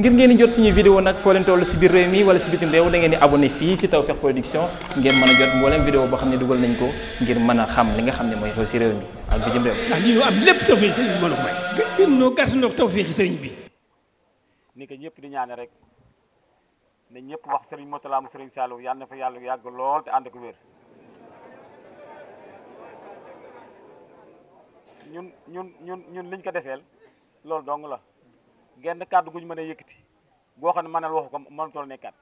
ngir ngeen di jot suñuy vidéo nag foo leen toll si biir réew mi wala si bitim réew da ngeen di abonné fii si Tawfekh Production ngeen mën a jot mboolem vidéo boo xam ne dugal nañ ko ngir mën a xam li nga xam ne mooy xew si réew mi ak bitim réew. ndax lii ñu am lépp tawfeex bi mën a ko noo gàtt noo tawfeex sëriñ ni ko ñëpp di ñaane rek ñëpp wax sëriñ Moutala mu sëriñ Saliou yàlla na fa yàlla yàgg lool te ànd ko wér ñun ñun ñun liñ ko deseel loolu dong la genn kàddu guñ mën a yëkkati goo xam ne mënal waxu ko mënutoo nekkaat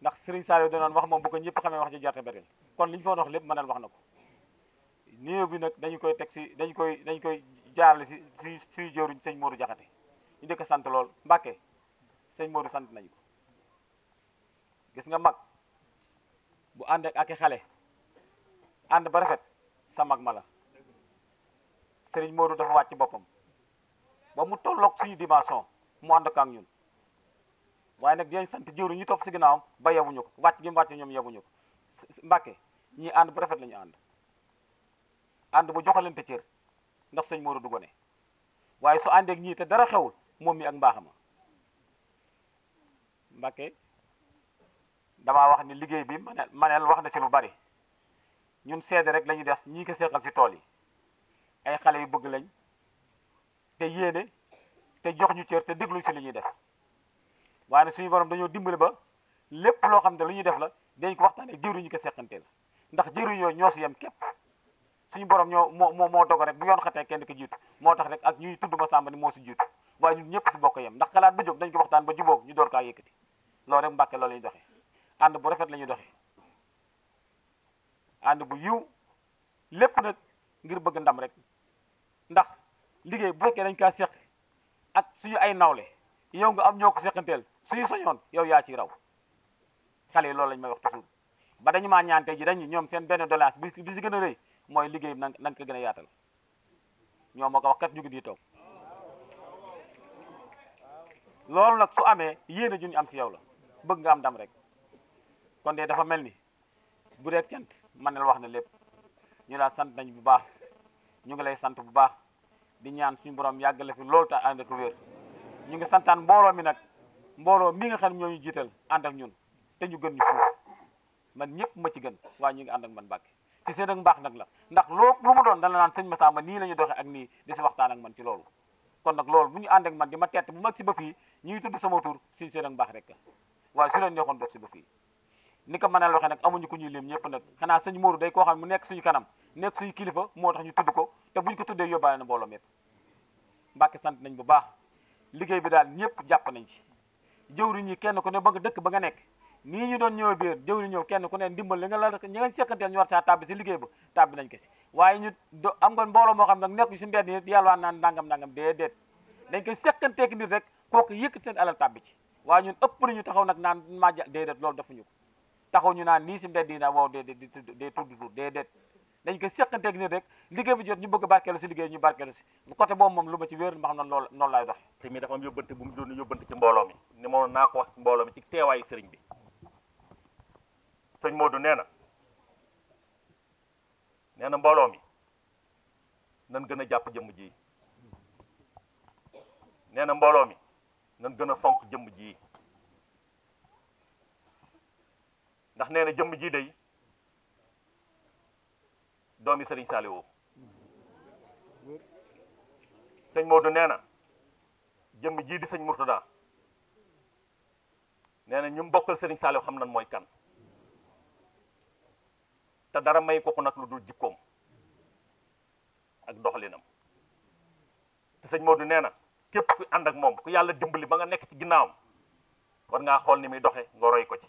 ndax sëriñ Saliou danoon wax moom bu ko ñëpp xamee wax ci jarte baril kon li ñu fa wax lépp mënal wax na ko néew bi nag dañu koy teg si dañu koy dañu koy jaarle si si si jëwriñ sëñ Modou Jaxate ñu dëkk sant lool Mbàkke sëñ Modou sant nañ ko gis nga mag bu ànd ak xale ànd ba rafet sa mag ma la Serigne Modou dafa wàcc boppam ba mu tolloog suñu dimension mu ànd ak ñun waaye nag dinañ sant jëwri ñu toog si ginnaawam ba yebuñu ko wàcc gi mu wàcc ñoom yebuñu ñu mbàkke ñii ànd bu rafet lañu ànd ànd bu joxalante cër ndax sëñ Modou du gone waaye su àndeek ñii te dara xewul moom mi ak mbaaxama mbàkke damaa wax ni liggéey bi maneel maneel wax na ci lu bari ñun seede rek la ñuy des ñii ko seexal ci tool yi ay xale yu bëgg lañ te yéene te jox ñu cër te déglu ci li ñuy def waaye nag suñu borom dañoo dimbale ba lépp loo xam ne lu ñuy def la dañ ko waxtaanee ñu ko seqanteel ndax jëriñ yooyu ñoo si yem képp suñu borom ñoo moo moo moo dogal rek bu yoon xatee kenn ko jiitu moo tax rek ak ñuy tudd ma sàmba ni moo si jiitu waaye ñu ñëpp si bokk yem ndax xalaat ba jóg dañ ko waxtaan ba jubóog ñu door kaa yëkkati loolu rek mbàkke loolu la ñuy doxee ànd bu rafet la ñuy doxee bu yiw lépp nag ngir bëgg ndam rek ndax liggéey bu fekkee dañ kaa seq ak suñu ay nawle yow nga am ñoo ko seqanteel suñu soñoon yow yaa ci raw xale yi loolu lañ ma wax toujours ba dañu maa ñaante ji dañu ñoom seen benn doléance bi bi si gën a rëy mooy liggéey bi nañ ko gën a yaatal ñoom moo ko ñu ngi di toog loolu nag su amee yéene ju ñu am si yow la bëgg nga am dam rek kon de dafa mel ni bu dee cant man ne wax na lépp ñu laa sant nañ bu baax ñu ngi lay sant bu baax di ñaan suñu borom yàggale la fi loolu ta ànd ak wér ñu ngi santaan mbooloo mi nag mbooloo mi nga xam ñoo ñu jiital ànd ak ñun te ñu gën ñu fuuf man ñëpp ma ci gën waaye ñu ngi ànd ak man Mbàkke ci seen mbaax nag la ndax loo lu mu doon dana naan sëñ Massamba nii la doxee ak nii di si waxtaan ak man ci loolu kon nag loolu bu ñu ànd man di ma tett bu mag si ba fii ñuy tudd sama tur suñ seen ak mbaax rek waaye su leen neexoon dox si ba fii ni ko mën a waxee nag amuñu ku ñuy lim ñëpp nag xanaa sëñ Mourou day ko xam mu nekk suñu kanam nekk suñu kilifa moo tax ñu tudd ko te buñ ko tuddee yóbbaale na mbooloo mépp Mbàkke sant nañ bu baax liggéey bi daal ñëpp jàpp nañ ci jëwriñ ñi kenn ku ne ba dëkk ba nga nekk nii ñu doon ñëw biir jëwriñ ñëw kenn ku ne ndimbal na nga la ñi nga sekkanteel ñu war saa si liggéey ba tàbbi nañ ko waaye ñu do am nga mbooloo moo xam nag nekk si mbedd yi yàlwaan naan nangam nangam déedéet dañ koy sekkanteeki nit rek kooku yëkkati seen alal tàbbi ci waaye ñun ëpp nañu taxaw nag naan maaja déedéet loolu defuñu taxaw ñu naan nii si mbedd yi naan wow déedéet di tudd day tudd déedéet dañ ko séqanteeg nit rek liggéey bi jot ñu bëgg barkeelu si liggéey ñu barkeelu si bu côté boobu moom lu ma ci wéer ma xam ne loolu te mi dafa am yóbbante bu mu doon yóbbante ci mbooloo mi ni moo naa ko wax ci mbooloo nee na nee na mbooloo mi nan gën a jàpp jëmm ji nee na mbooloo mi nan gën a fonk jëmm ji ndax nee jëm jii ji doomi sëriñ Saliou sëñ Modou nee na jëmm jii di sëñ Mourtada nee na ñu mbokkal sëriñ Saliou xam nan mooy kan te dara may ko ko nag lu dul jikkoom ak doxalinam te sëñ Modou nee na képp ku ànd ak moom ku yàlla dimbali ba nga nekk ci ginnaawam war ngaa xool ni muy doxe nga roy ko ci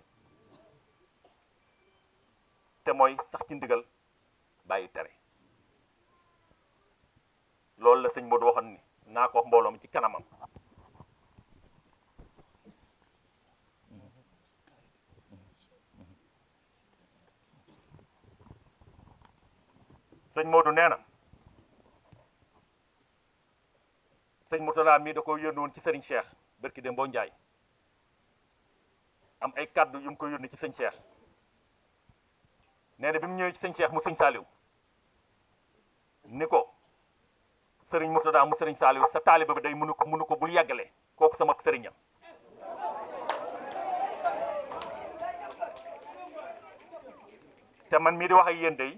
te mooy sax ci ndigal bàyyi tere loolu la sëñ Modou waxoon ni naa ko wax ci kanamam sëñ Modou nee na sëñ Mourtala mii da ko yónni woon ci sëriñ Cheikh bërki dem boo njaay am ay kàddu yu mu ko yónni ci sëñ Cheikh nee bi mu ñëwee ci sëñ Cheikh mu sëñ Saaliw ni ko sëriñ Murtada mu sëriñ Saaliw sa taaliba bi day mënu ko mënu ko bul yàggale kooku sama sëriñam te man mii di wax ak yéen day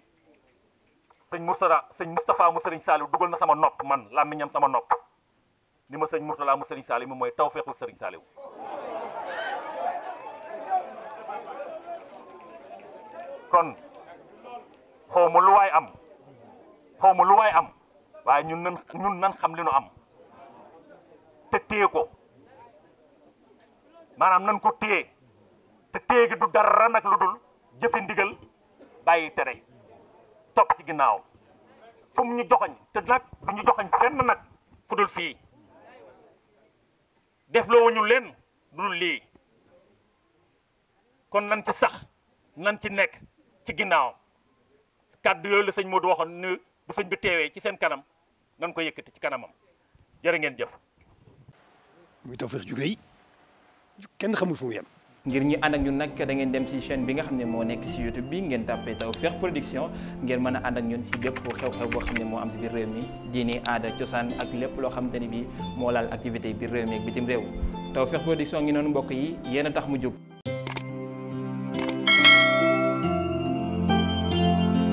sëñ Murtada sëñ mustafaa mu sëriñ Saaliw dugal na sama nopp man làmmiñam sama nopp ni ma sëñ Murtada mu sëriñ Saaliw mi mooy tawfeexu sëriñ Saaliw kon xaw ma lu waay am xaw ma lu waay am waaye ñun nan ñun xam li am te téye ko maanaam nan ko téye te téye gi du dara nag lu dul jëfe ndigal bàyyi tere topp ci ginnaaw fu mu ñu joxoñ te nag du ñu joxoñ fenn nag fu dul fii def loo wuñu leen du lii kon nan ci sax nan ci nekk ci ginnaaw kàddu yooyu la sëñ Modou waxoon bu sëñ bi teewee ci seen kanam nan ko yëkkati ci kanamam jërë ngeen jëf. muy Tawfekh ju rëy kenn xamul fu mu yem. ngir ñi ànd ak ñun nag da ngeen dem ci chaine bi nga xam ne moo nekk ci YouTube bi ngeen taw Tawfekh Production ngeen mën a ànd ak ñun ci bépp xew-xew boo xam ne moo am ci biir réew mi diini aada cosaan ak lépp loo xamante ni bi moo laal activité biir réew mi ak bitim réew Tawfekh Production ngi noonu mbokk yi yéen a tax mu jóg.